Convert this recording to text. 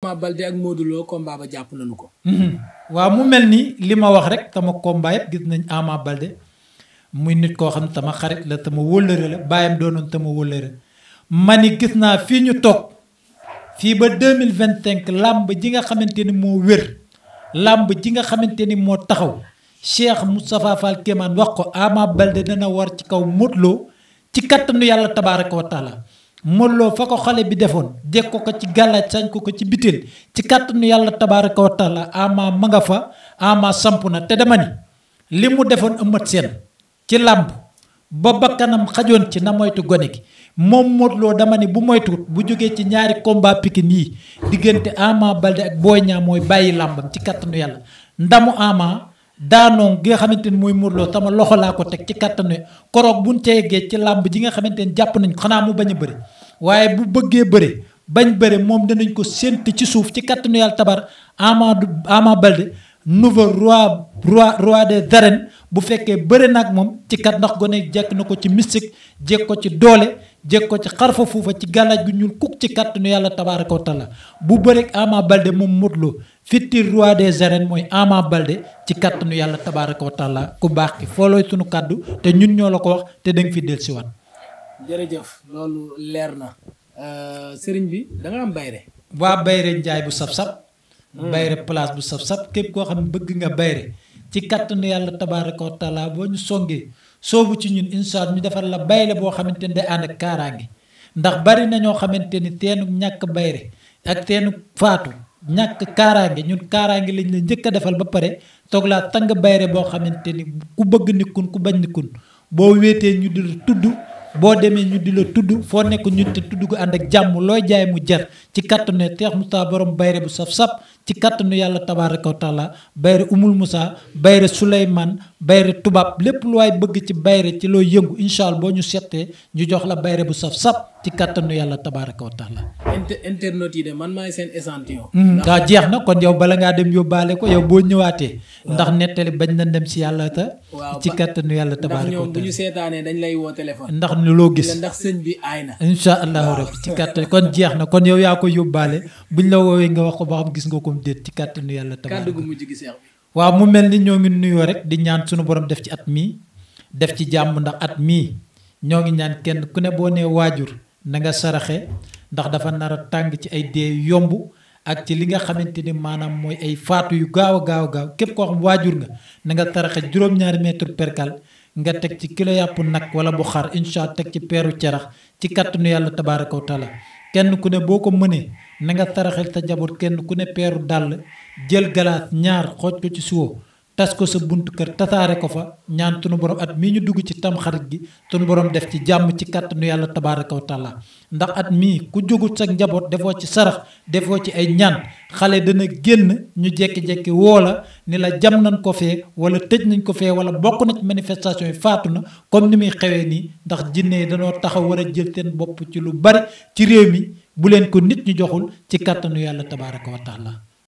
Ama Baldé ak Modou Lo ba jàpp nañu ko. Mhm. waaw mu mel ni li ma wax rek tama combat yëpp gis nañ Ama Baldé muy nit koo xam ne tama xarit la tama wóllëre la bàyyam doonoon tama wóllëre ma ni gis naa fii ñu toog fii ba deux mille vingt cinq làmb ji nga xamante ni moo wér làmb ji nga xamante ni moo taxaw Cheikh Moustapha Fall Kéemaan wax ko Ama Baldé dana war ci kaw Modou Lo ci kattanu yàlla tabaaraka wa taala molloo fa ko xale bi defoon jekk ko ko ci gàllaaj sañ ko ko ci bitéel ci kàttanu yàlla tabaaraka wa taala ama ma nga fa ama samp na te dama ni li mu defoon ëmmat seen ci làmb ba bakkanam xajoon ci na moytu gone gi moom Modou Lo dama ni bu moytuwut bu jógee ci ñaari combat Pikine yi diggante Ama Baldé ak booy Niang mooy bàyyi làmbam ci kàttanu yàlla ndamu Ama daanoo gi nga xamante ni mooy Modou Lo sama loxo laa ko teg ci kàttanu koroog buñ ca yeggee ci làmb ji nga xamante ni jàpp nañ ko xanaa mu bañ a bëri waaye bu bëggee bëri bañ bëri moom danañ ko sént ci suuf ci kàttanu yàlla tabar Ama Ama Baldé nouveau roi roi roi des bu fekkee bëri nag moom ci kat ndax gone jekk na ko ci mystique jekk ko ci doole jég ko ci xarfa fuufa ci gàllaaj gu ñuul kuk ci kàttanu yàlla tabaaraka wa taala bu bëreeg Ama Balde moom Modou Lo fitir roi des arènes mooy Ama Balde ci kàttanu yàlla tabaaraka wa taala ku baax ki foolooy sunu kàddu te ñun ñoo la ko wax te da nga fi del siwaat jërëjëf loolu leer na euh, sëriñ bi danga nga am bayre waa bayre njaay bu sab-sab bayre hmm. place bu sab-sab képp koo xam ne bëgg nga bayre ci kàttanu yàlla tabaaraka wa boo ñu songee soobu ci ñun incha allah ñu defal la bayre boo xamante ni day ànd ak kaaraange ndax bari na ñoo xamante ni teenu ñàkk bayre ak teenu faatu ñàkk kaaraange ñun kaaraange lañu la njëkk a defal ba pare toog laa tang bayre boo xamante ni ku bëgg nikkun ku bañ nikkun boo wéetee ñu di la tudd boo demee ñu di la tudd foo nekk ñu te tudd ko ànd ak jàmm looy jaay mu jar ci kattanu teex Moussa borom bayre bu saf-saf ci kattanu yàlla tabaaraka wa taala bayre umul Moussa bayre Souleymane bayre tubaab lépp lu waay bëgg ci bayre ci loo yëngu incha allah boo ñu seetee ñu jox la bayre bu saf saf ci kattanu yàlla tabaaraka wa taala. internet yi de man maay seen échantillon. Hmm, jeex na kon yow bala ngaa dem yóbbaale ko yow boo ñëwaatee. ndax nettali bañ na dem si yàlla ta. ci kattanu yàlla tabaaraka wa taala ndax ñoom ñu seetaanee dañ lay woo téléphone. ndax loo gis ndax sëñ bi aay na. incha rabbi ci kattan kon jeex na kon yow yaa ko yóbbaale ñu la woowee nga wax ko ba xam gis nga ko mu déet ci kattanu yàlla tabaaraka waaw mu mel ni ñoo ngi nuyoo rek di ñaan suñu borom def ci at mii def ci jàmm ndax at mii ñoo ngi ñaan kenn ku ne boo nee waajur na nga saraxe ndax dafa nara tàng ci ay dee yomb ak ci li nga xamante ni maanaam mooy ay faatu yu gaaw a gaaw a képp ko xam waajur nga na nga saraxe juróom-ñaari mètre percal nga teg ci kilo yàpp nag wala bu xar incha teg ci peeru cerax ci kattanu yàlla tabaaraka wa kenn ku ne boo ko mënee na nga taraxel sa njaboot kenn ku ne peeru dàll jël galaas ñaar xooj ko tas ko sa buntu kër tasaare ko fa ñaan sunu borom at mii ñu dugg ci tam gi sunu borom def ci jàmm ci kàttanu yàlla tabaaraka wa taala ndax at mii ku jógut sa njaboot defoo ci sarax defoo ci ay ñaan xale dana génn ñu jekki-jekki woo la ni la jam nañ ko fee wala tëj nañ ko fee wala bokk na ci yi faatu na comme ni muy xewee nii ndax jinne yi dañoo taxaw war a jël seen bopp ci lu bari ci réew mi bu leen ko nit ñu joxul ci kàttanu yàlla tabaaraka wa